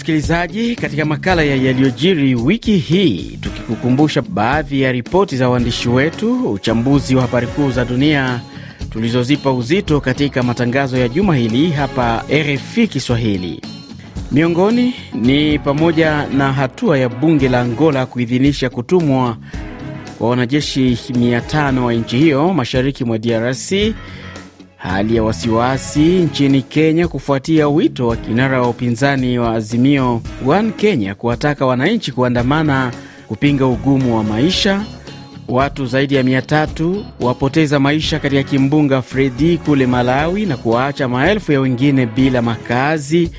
msikilizaji, katika makala ya yaliyojiri wiki hii, tukikukumbusha baadhi ya ripoti za waandishi wetu, uchambuzi wa habari kuu za dunia tulizozipa uzito katika matangazo ya juma hili hapa RFI Kiswahili. Miongoni ni pamoja na hatua ya bunge la Angola kuidhinisha kutumwa kwa wanajeshi 500 wa nchi hiyo mashariki mwa DRC hali ya wasiwasi nchini Kenya kufuatia wito wa kinara wa upinzani wa Azimio One Kenya kuwataka wananchi kuandamana kupinga ugumu wa maisha. Watu zaidi ya mia tatu wapoteza maisha katika kimbunga Fredi kule Malawi na kuwaacha maelfu ya wengine bila makazi.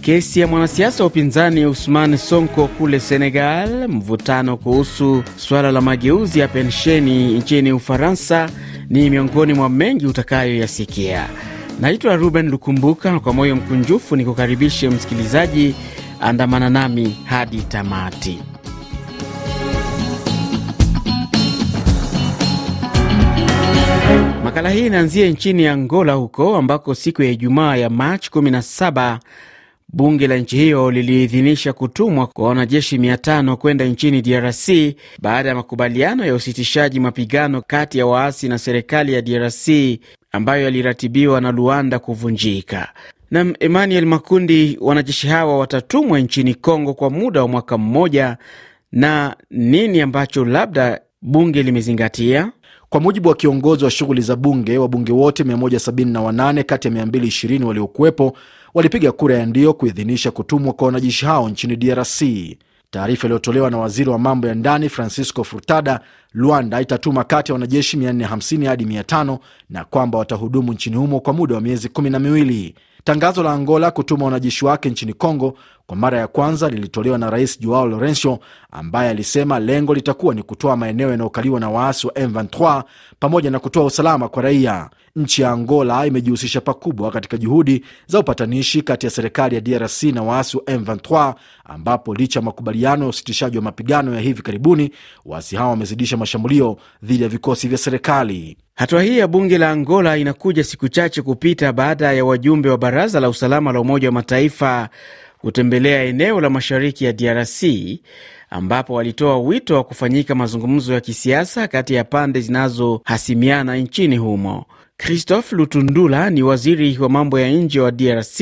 Kesi ya mwanasiasa wa upinzani Usman Sonko kule Senegal, mvutano kuhusu suala la mageuzi ya pensheni nchini Ufaransa ni miongoni mwa mengi utakayoyasikia. Naitwa Ruben Lukumbuka, kwa moyo mkunjufu ni kukaribishe msikilizaji, andamana nami hadi tamati. Makala hii inaanzia nchini Angola, huko ambako siku ya Ijumaa ya Machi 17 Bunge la nchi hiyo liliidhinisha kutumwa kwa wanajeshi 500 kwenda nchini DRC baada ya makubaliano ya usitishaji mapigano kati ya waasi na serikali ya DRC ambayo yaliratibiwa na Luanda kuvunjika. Nam Emmanuel Makundi, wanajeshi hawa watatumwa nchini Kongo kwa muda wa mwaka mmoja, na nini ambacho labda bunge limezingatia? Kwa mujibu wa kiongozi wa shughuli za bunge, wabunge wote 178 kati ya 220 waliokuwepo walipiga kura ya ndio kuidhinisha kutumwa kwa wanajeshi hao nchini DRC. Taarifa iliyotolewa na waziri wa mambo ya ndani Francisco Furtada, Luanda itatuma kati ya wanajeshi 450 hadi 500 na kwamba watahudumu nchini humo kwa muda wa miezi kumi na miwili. Tangazo la Angola kutuma wanajeshi wake nchini Kongo kwa mara ya kwanza lilitolewa na Rais Joao Lourenco ambaye alisema lengo litakuwa ni kutoa maeneo yanayokaliwa na waasi wa M23 pamoja na kutoa usalama kwa raia. Nchi ya Angola imejihusisha pakubwa katika juhudi za upatanishi kati ya serikali ya DRC na waasi wa M23, ambapo licha ya makubaliano ya usitishaji wa mapigano ya hivi karibuni, waasi hao wamezidisha mashambulio dhidi ya vikosi vya serikali. Hatua hii ya bunge la Angola inakuja siku chache kupita baada ya wajumbe wa baraza la usalama la Umoja wa Mataifa kutembelea eneo la mashariki ya DRC ambapo walitoa wito wa kufanyika mazungumzo ya kisiasa kati ya pande zinazohasimiana nchini humo. Christophe Lutundula ni waziri wa mambo ya nje wa DRC.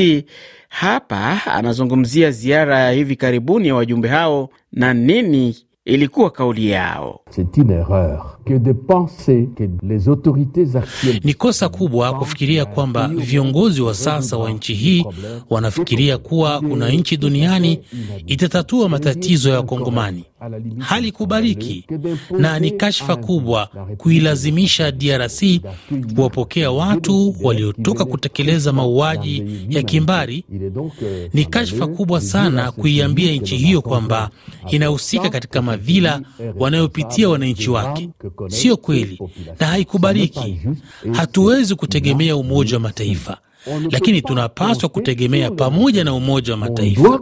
Hapa anazungumzia ziara ya hivi karibuni ya wajumbe hao na nini ilikuwa kauli yao. Ni kosa kubwa kufikiria kwamba viongozi wa sasa wa nchi hii wanafikiria kuwa kuna nchi duniani itatatua matatizo ya Wakongomani halikubariki na ni kashfa kubwa kuilazimisha DRC kuwapokea watu waliotoka kutekeleza mauaji ya kimbari. Euh, ni kashfa kubwa sana kuiambia nchi hiyo kwamba inahusika katika madhila wanayopitia wananchi wake. Sio kweli na haikubariki Hatuwezi kutegemea Umoja wa Mataifa, lakini tunapaswa kutegemea pamoja na Umoja wa Mataifa.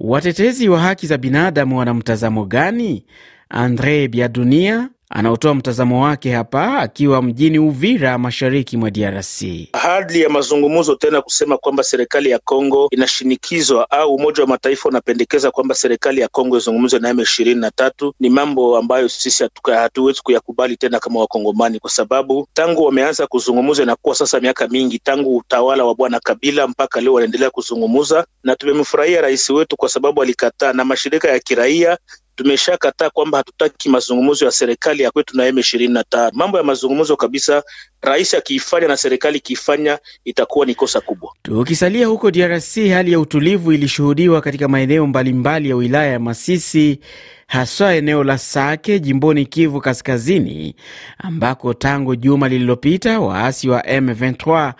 Watetezi wa haki za binadamu wana mtazamo gani? Andre Biadunia anaotoa mtazamo wake hapa akiwa mjini Uvira, mashariki mwa DRC. Hali ya mazungumzo tena kusema kwamba serikali ya Kongo inashinikizwa au Umoja wa Mataifa unapendekeza kwamba serikali ya Kongo izungumzwe na M ishirini na tatu ni mambo ambayo sisi hatuwezi kuyakubali tena kama Wakongomani, kwa sababu tangu wameanza kuzungumza inakuwa sasa miaka mingi tangu utawala wa Bwana Kabila mpaka leo wanaendelea kuzungumza, na tumemfurahia rais wetu kwa sababu alikataa na mashirika ya kiraia tumeshakataa kwamba hatutaki mazungumzo ya serikali ya kwetu na M23. Mambo ya mazungumzo kabisa, rais akiifanya na serikali ikiifanya itakuwa ni kosa kubwa. Tukisalia huko DRC, hali ya utulivu ilishuhudiwa katika maeneo mbalimbali ya wilaya ya Masisi, haswa eneo la Sake jimboni Kivu Kaskazini, ambako tangu juma lililopita waasi wa M23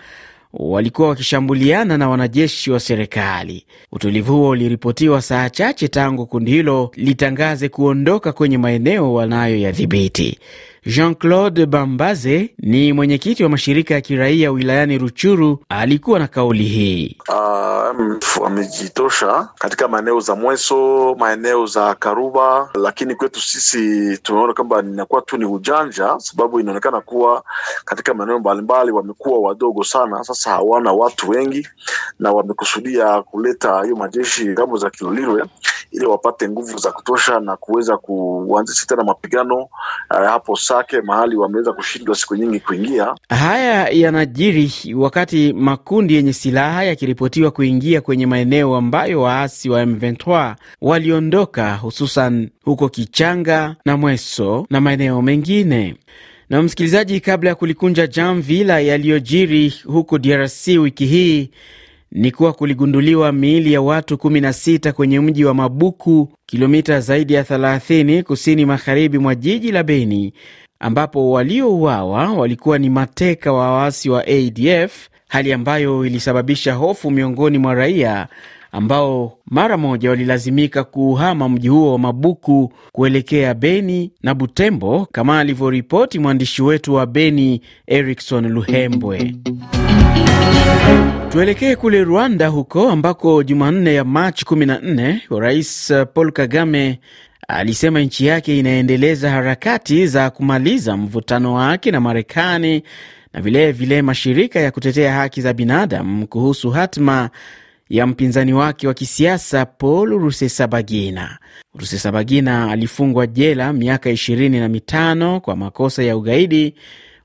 walikuwa wakishambuliana na wanajeshi wa serikali. Utulivu huo uliripotiwa saa chache tangu kundi hilo litangaze kuondoka kwenye maeneo wanayoyadhibiti. Jean-Claude Bambaze ni mwenyekiti wa mashirika ya kiraia wilayani Ruchuru, alikuwa na kauli hii. Uh, amejitosha katika maeneo za Mweso, maeneo za Karuba, lakini kwetu sisi tumeona kwamba inakuwa tu ni ujanja, sababu inaonekana kuwa katika maeneo mbalimbali wamekuwa wadogo sana, sasa hawana watu wengi na wamekusudia kuleta hiyo majeshi ngambo za Kilolirwe ili wapate nguvu za kutosha na kuweza kuanzisha tena mapigano eh, hapo Sake, mahali wameweza kushindwa siku nyingi kuingia. Haya yanajiri wakati makundi yenye silaha yakiripotiwa kuingia kwenye maeneo ambayo waasi wa M23 waliondoka, hususan huko Kichanga na Mweso na maeneo mengine na msikilizaji, kabla ya kulikunja jamvi la yaliyojiri huko DRC wiki hii, ni kuwa kuligunduliwa miili ya watu 16 kwenye mji wa Mabuku, kilomita zaidi ya 30 kusini magharibi mwa jiji la Beni, ambapo waliouawa walikuwa ni mateka wa waasi wa ADF, hali ambayo ilisababisha hofu miongoni mwa raia ambao mara moja walilazimika kuuhama mji huo wa Mabuku kuelekea Beni na Butembo, kama alivyoripoti mwandishi wetu wa Beni Erikson Luhembwe. Tuelekee kule Rwanda, huko ambako Jumanne ya Machi 14 Rais Paul Kagame alisema nchi yake inaendeleza harakati za kumaliza mvutano wake na Marekani na vilevile vile mashirika ya kutetea haki za binadamu kuhusu hatma ya mpinzani wake wa kisiasa Paul Rusesabagina. Rusesabagina alifungwa jela miaka 25 kwa makosa ya ugaidi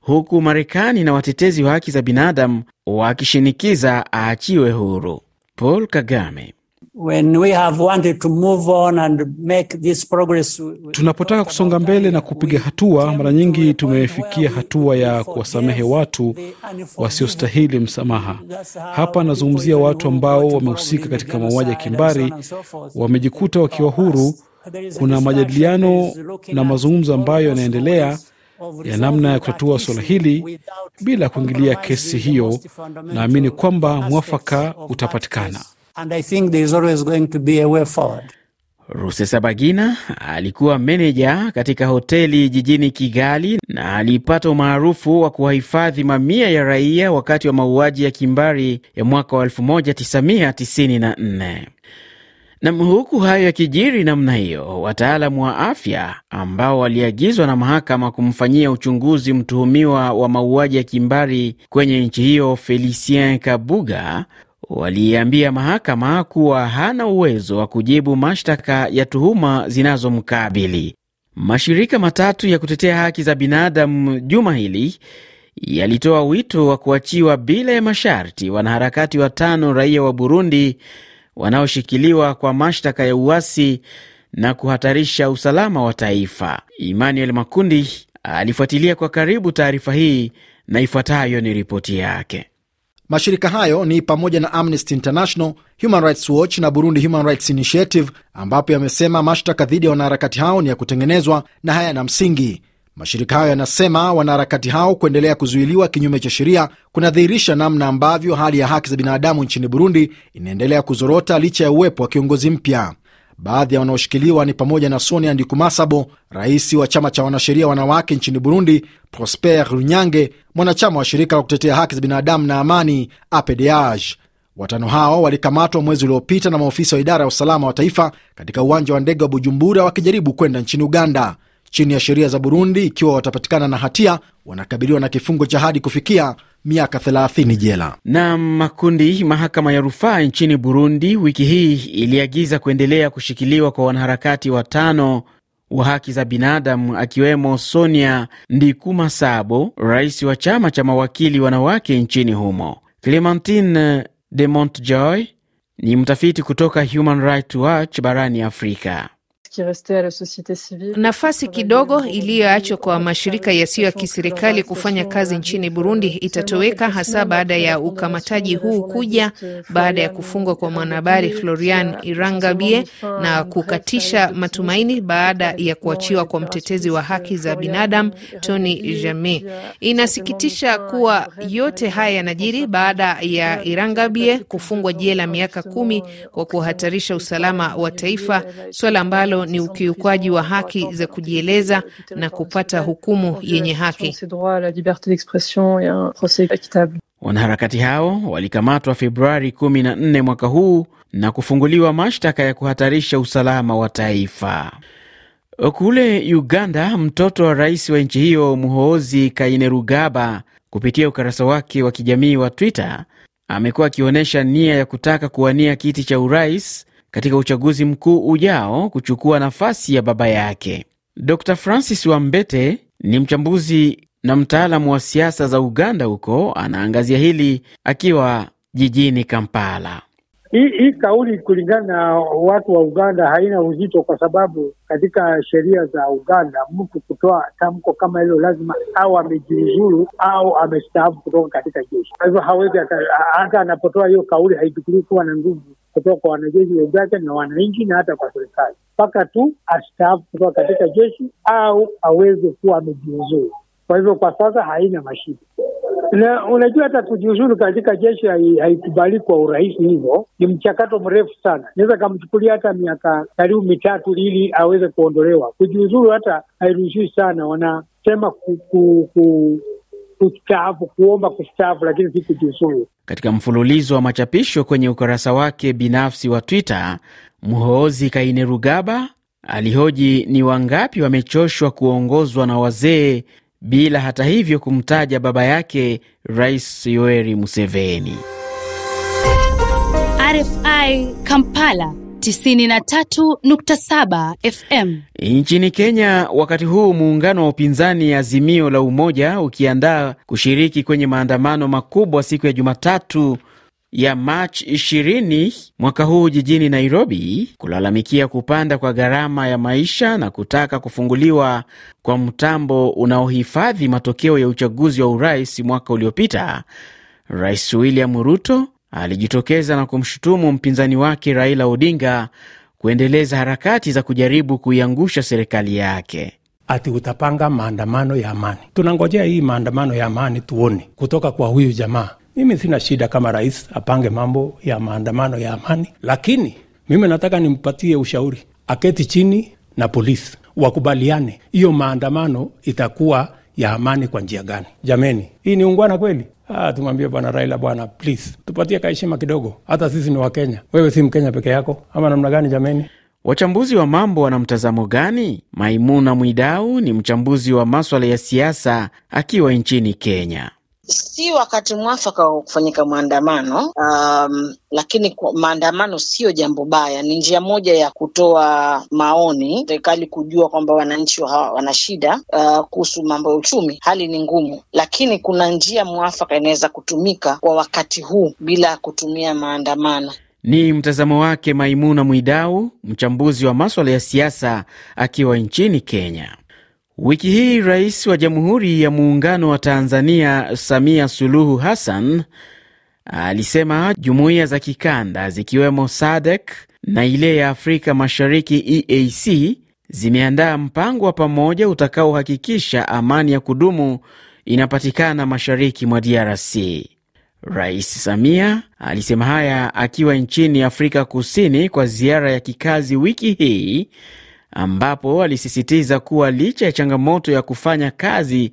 huku Marekani na watetezi wa haki za binadamu wakishinikiza aachiwe huru. Paul Kagame When we have wanted to move on and make this progress... tunapotaka kusonga mbele na kupiga hatua, mara nyingi tumefikia hatua ya kuwasamehe watu wasiostahili msamaha. Hapa nazungumzia watu ambao wamehusika katika mauaji ya kimbari, wamejikuta wakiwa huru. Kuna majadiliano na mazungumzo ambayo yanaendelea ya namna ya kutatua suala hili bila kuingilia kesi hiyo. Naamini kwamba mwafaka utapatikana and I think there is always going to be a way forward. Rusesabagina alikuwa meneja katika hoteli jijini Kigali na alipata umaarufu wa kuwahifadhi mamia ya raia wakati wa mauaji ya kimbari ya mwaka wa 1994. Nam, huku hayo yakijiri namna hiyo, wataalamu wa afya ambao waliagizwa na mahakama kumfanyia uchunguzi mtuhumiwa wa mauaji ya kimbari kwenye nchi hiyo Felicien Kabuga waliiambia mahakama kuwa hana uwezo wa kujibu mashtaka ya tuhuma zinazomkabili. Mashirika matatu ya kutetea haki za binadamu juma hili yalitoa wito wa kuachiwa bila ya masharti wanaharakati watano raia wa Burundi wanaoshikiliwa kwa mashtaka ya uasi na kuhatarisha usalama wa taifa. Emmanuel Makundi alifuatilia kwa karibu taarifa hii na ifuatayo ni ripoti yake. Mashirika hayo ni pamoja na Amnesty International, Human Rights Watch na Burundi Human Rights Initiative, ambapo yamesema mashtaka dhidi ya wanaharakati hao ni ya kutengenezwa na hayana msingi. Mashirika hayo yanasema wanaharakati hao kuendelea kuzuiliwa kinyume cha sheria kunadhihirisha namna ambavyo hali ya haki za binadamu nchini Burundi inaendelea kuzorota licha ya uwepo wa kiongozi mpya. Baadhi ya wanaoshikiliwa ni pamoja na Sonia Ndikumasabo, rais wa chama cha wanasheria wanawake nchini Burundi, Prosper Runyange, mwanachama wa shirika la kutetea haki za binadamu na amani APEDEAGE. Watano hao walikamatwa mwezi uliopita na maofisa wa idara ya usalama wa taifa katika uwanja wa ndege wa Bujumbura wakijaribu kwenda nchini Uganda. Chini ya sheria za Burundi, ikiwa watapatikana na hatia, wanakabiliwa na kifungo cha hadi kufikia miaka 30 jela. Na makundi mahakama ya rufaa nchini Burundi wiki hii iliagiza kuendelea kushikiliwa kwa wanaharakati watano wa haki za binadamu akiwemo Sonia Ndikumasabo, rais wa chama cha mawakili wanawake nchini humo. Clementine de Montjoy ni mtafiti kutoka Human Rights Watch barani Afrika. Nafasi kidogo iliyoachwa kwa mashirika yasiyo ya kiserikali kufanya kazi nchini Burundi itatoweka hasa baada ya ukamataji huu kuja baada ya kufungwa kwa mwanahabari Florian Irangabie na kukatisha matumaini baada ya kuachiwa kwa mtetezi wa haki za binadamu Tony Jamie. Inasikitisha kuwa yote haya yanajiri baada ya Irangabie kufungwa jela miaka kumi kwa kuhatarisha usalama wa taifa, swala ambalo ni ukiukwaji wa haki za kujieleza na kupata hukumu yenye haki. Wanaharakati hao walikamatwa Februari 14 mwaka huu na kufunguliwa mashtaka ya kuhatarisha usalama wa taifa. Kule Uganda, mtoto wa rais wa nchi hiyo Muhoozi Kainerugaba, kupitia ukurasa wake wa kijamii wa Twitter, amekuwa akionyesha nia ya kutaka kuwania kiti cha urais katika uchaguzi mkuu ujao kuchukua nafasi ya baba yake. Dr Francis Wambete ni mchambuzi na mtaalamu wa siasa za Uganda huko, anaangazia hili akiwa jijini Kampala. Hii hi kauli kulingana na watu wa Uganda haina uzito, kwa sababu katika sheria za Uganda mtu kutoa tamko kama hilo lazima au amejiuzulu au amestaafu kutoka katika jeshi. Kwa hivyo hawezi hata anapotoa hiyo kauli haichukuliwi kuwa na nguvu kutoka kwa wanajeshi wenzake na wananchi na hata kwa serikali, mpaka tu astaafu kutoka katika jeshi au aweze kuwa amejiuzuru. Kwa hivyo kwa sasa haina mashida na unajua hata kujiuzulu katika jeshi haikubali kwa urahisi hivyo. Ni mchakato mrefu sana, inaweza kamchukulia hata miaka karibu mitatu ili aweze kuondolewa. Kujiuzulu hata hairuhusiwi sana, wanasema ku, ku, ku kustaafu, kuomba kustaafu, lakini si kujiuzulu. Katika mfululizo wa machapisho kwenye ukurasa wake binafsi wa Twitter, Mhoozi Kainerugaba alihoji ni wangapi wamechoshwa kuongozwa na wazee bila hata hivyo kumtaja baba yake Rais Yoweri Museveni. RFI Kampala 93.7 FM. Nchini Kenya, wakati huu muungano wa upinzani Azimio la Umoja ukiandaa kushiriki kwenye maandamano makubwa siku ya Jumatatu ya Machi 20 mwaka huu jijini Nairobi kulalamikia kupanda kwa gharama ya maisha na kutaka kufunguliwa kwa mtambo unaohifadhi matokeo ya uchaguzi wa urais mwaka uliopita. Rais William Ruto alijitokeza na kumshutumu mpinzani wake Raila Odinga kuendeleza harakati za kujaribu kuiangusha serikali yake. Ati utapanga maandamano ya amani. Tunangojea hii maandamano ya amani tuone kutoka kwa huyu jamaa. Mimi sina shida kama rais apange mambo ya maandamano ya amani, lakini mimi nataka nimpatie ushauri, aketi chini na polisi wakubaliane, hiyo maandamano itakuwa ya amani kwa njia gani? Jameni, hii ni ungwana kweli? Ah, tumwambie bwana Raila, bwana please, tupatie kaheshima kidogo, hata sisi ni Wakenya, wewe si Mkenya peke yako, ama namna gani jameni? Wachambuzi wa mambo wana mtazamo gani? Maimuna Mwidau ni mchambuzi wa maswala ya siasa akiwa nchini Kenya si wakati mwafaka wa kufanyika maandamano um, lakini maandamano sio jambo baya, ni njia moja ya kutoa maoni, serikali kujua kwamba wananchi wana shida uh, kuhusu mambo ya uchumi, hali ni ngumu, lakini kuna njia mwafaka inaweza kutumika kwa wakati huu bila kutumia maandamano. Ni mtazamo wake Maimuna Mwidau, mchambuzi wa maswala ya siasa akiwa nchini Kenya. Wiki hii Rais wa Jamhuri ya Muungano wa Tanzania Samia Suluhu Hassan alisema jumuiya za kikanda zikiwemo SADC na ile ya Afrika Mashariki EAC zimeandaa mpango wa pamoja utakaohakikisha amani ya kudumu inapatikana mashariki mwa DRC. Rais Samia alisema haya akiwa nchini Afrika Kusini kwa ziara ya kikazi wiki hii ambapo alisisitiza kuwa licha ya changamoto ya kufanya kazi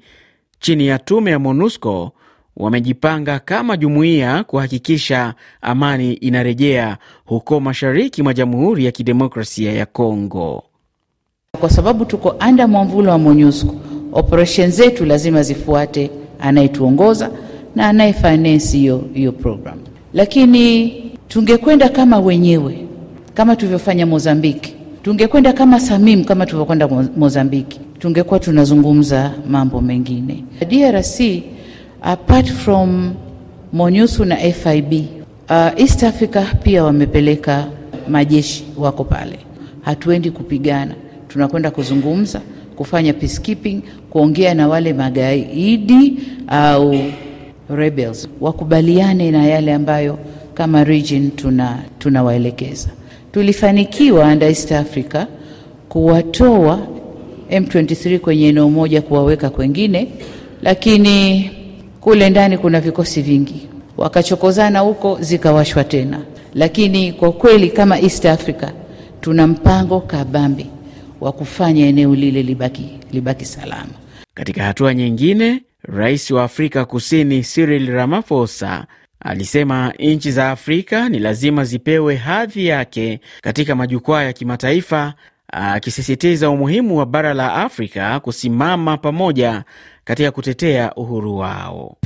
chini ya tume ya MONUSCO wamejipanga kama jumuiya kuhakikisha amani inarejea huko mashariki mwa Jamhuri ya Kidemokrasia ya Kongo. Kwa sababu tuko anda mwamvula wa MONUSCO, operesheni zetu lazima zifuate anayetuongoza na anayefinance hiyo hiyo program, lakini tungekwenda kama wenyewe kama tulivyofanya Mozambiki Tungekwenda kama Samim kama tulivyokwenda Mozambiki, tungekuwa tunazungumza mambo mengine. DRC apart from MONUSCO na FIB, uh, East Africa pia wamepeleka majeshi wako pale. Hatuendi kupigana, tunakwenda kuzungumza, kufanya peacekeeping, kuongea na wale magaidi au rebels, wakubaliane na yale ambayo kama region tuna tunawaelekeza tulifanikiwa under East Africa kuwatoa M23 kwenye eneo moja kuwaweka kwengine, lakini kule ndani kuna vikosi vingi, wakachokozana huko, zikawashwa tena. Lakini kwa kweli kama East Africa tuna mpango kabambi wa kufanya eneo lile libaki, libaki salama. Katika hatua nyingine, rais wa Afrika Kusini Cyril Ramaphosa Alisema nchi za Afrika ni lazima zipewe hadhi yake katika majukwaa ya kimataifa, akisisitiza umuhimu wa bara la Afrika kusimama pamoja katika kutetea uhuru wao.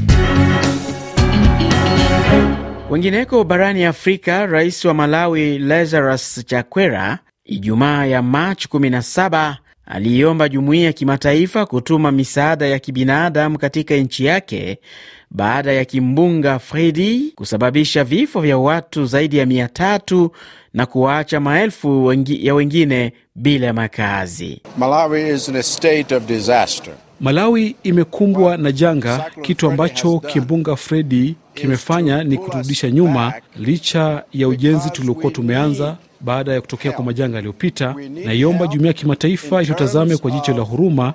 Wengineko barani Afrika, rais wa Malawi Lazarus Chakwera Ijumaa ya Machi 17 aliiomba jumuiya ya kimataifa kutuma misaada ya kibinadamu katika nchi yake baada ya kimbunga Fredi kusababisha vifo vya watu zaidi ya mia tatu na kuwaacha maelfu wengi, ya wengine bila makazi. Malawi is in a state of disaster. Malawi imekumbwa na janga, kitu ambacho kimbunga Fredi kimefanya ni kurudisha nyuma, licha ya ujenzi tuliokuwa tumeanza baada ya kutokea kwa majanga yaliyopita. Naiomba jumuiya ya kimataifa isiotazame kwa jicho la huruma.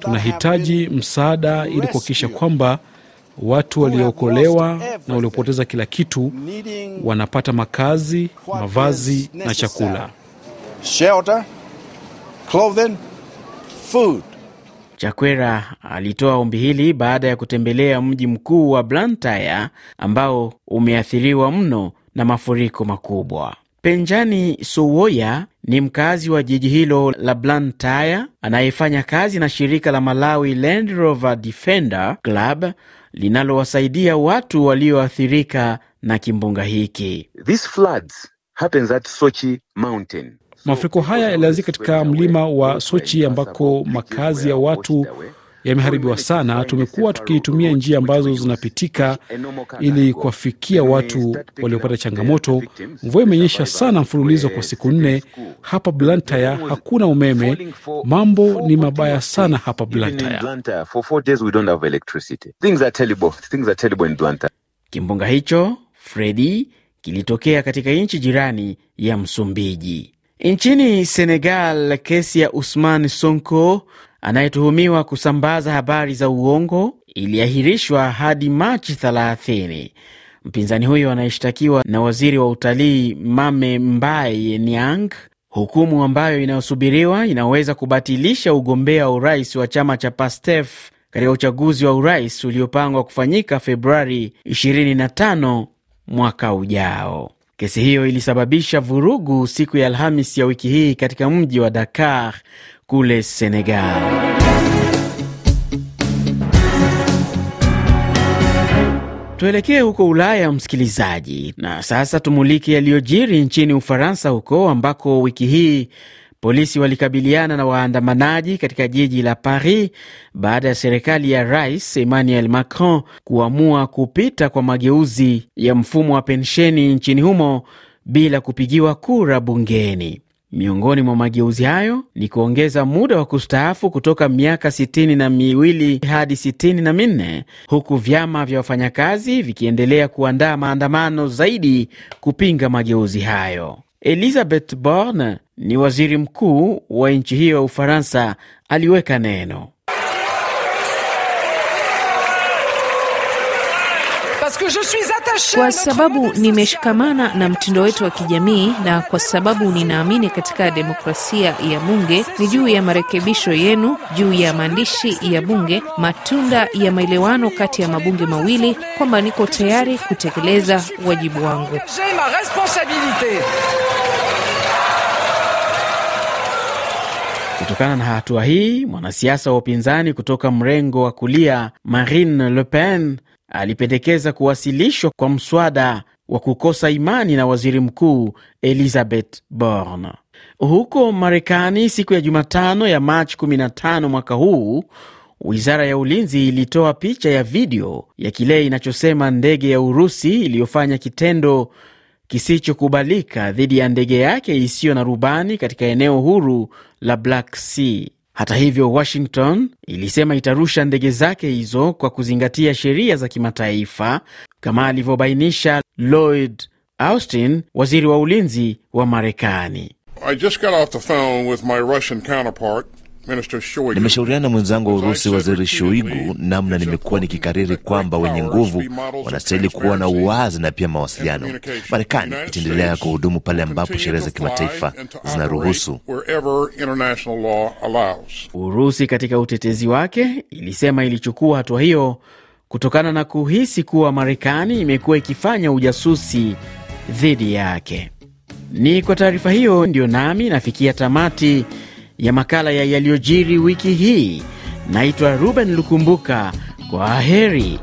Tunahitaji msaada ili kuhakikisha kwamba watu waliookolewa na waliopoteza kila kitu wanapata makazi, mavazi na chakula. Shelter, clothing, food. Chakwera alitoa ombi hili baada ya kutembelea mji mkuu wa Blantyre ambao umeathiriwa mno na mafuriko makubwa. Penjani Sowoya ni mkazi wa jiji hilo la Blantyre anayefanya kazi na shirika la Malawi Land Rover Defender Club linalowasaidia watu walioathirika na kimbunga hiki. These floods happens at Sochi Mountain. Mafuriko haya yalianzia katika mlima wa Sochi ambako makazi ya watu yameharibiwa sana. Tumekuwa tukitumia njia ambazo zinapitika ili kuwafikia watu waliopata changamoto. Mvua imenyesha sana mfululizo kwa siku nne hapa Blantyre, hakuna umeme. Mambo ni mabaya sana hapa Blantyre. Kimbunga hicho Fredi kilitokea katika nchi jirani ya Msumbiji. Nchini Senegal, kesi ya Usman Sonko anayetuhumiwa kusambaza habari za uongo iliahirishwa hadi Machi 30. Mpinzani huyo anayeshtakiwa na waziri wa utalii Mame Mbaye Niang, hukumu ambayo inayosubiriwa inaweza kubatilisha ugombea wa urais wa chama cha Pastef katika uchaguzi wa urais uliopangwa kufanyika Februari 25 mwaka ujao. Kesi hiyo ilisababisha vurugu siku ya Alhamis ya wiki hii katika mji wa Dakar kule Senegal. Tuelekee huko Ulaya, msikilizaji, na sasa tumulike yaliyojiri nchini Ufaransa, huko ambako wiki hii polisi walikabiliana na waandamanaji katika jiji la Paris baada ya serikali ya Rais Emmanuel Macron kuamua kupita kwa mageuzi ya mfumo wa pensheni nchini humo bila kupigiwa kura bungeni. Miongoni mwa mageuzi hayo ni kuongeza muda wa kustaafu kutoka miaka sitini na miwili hadi sitini na minne huku vyama vya wafanyakazi vikiendelea kuandaa maandamano zaidi kupinga mageuzi hayo. Elizabeth Borne ni waziri mkuu wa nchi hiyo ya Ufaransa, aliweka neno Kwa sababu nimeshikamana na mtindo wetu wa kijamii na kwa sababu ninaamini katika demokrasia ya bunge, ni juu ya marekebisho yenu juu ya maandishi ya bunge, matunda ya maelewano kati ya mabunge mawili, kwamba niko tayari kutekeleza wajibu wangu. Kutokana na hatua hii, mwanasiasa wa upinzani kutoka mrengo wa kulia Marine Le Pen alipendekeza kuwasilishwa kwa mswada wa kukosa imani na waziri mkuu Elizabeth Borne. Huko Marekani, siku ya Jumatano ya Machi 15 mwaka huu, wizara ya ulinzi ilitoa picha ya video ya kile inachosema ndege ya Urusi iliyofanya kitendo kisichokubalika dhidi ya ndege yake isiyo na rubani katika eneo huru la Black Sea. Hata hivyo, Washington ilisema itarusha ndege zake hizo kwa kuzingatia sheria za kimataifa, kama alivyobainisha Lloyd Austin, waziri wa ulinzi wa Marekani. Nimeshauriana na mwenzangu wa Urusi, Waziri Shoigu, namna nimekuwa nikikariri kwamba wenye nguvu wanastahili kuwa na uwazi na pia mawasiliano. Marekani itaendelea kuhudumu pale ambapo sheria za kimataifa zinaruhusu. Urusi katika utetezi wake ilisema ilichukua hatua hiyo kutokana na kuhisi kuwa Marekani imekuwa ikifanya ujasusi dhidi yake. Ni kwa taarifa hiyo ndiyo nami nafikia tamati ya makala ya yaliyojiri wiki hii. Naitwa Ruben Lukumbuka, kwa heri.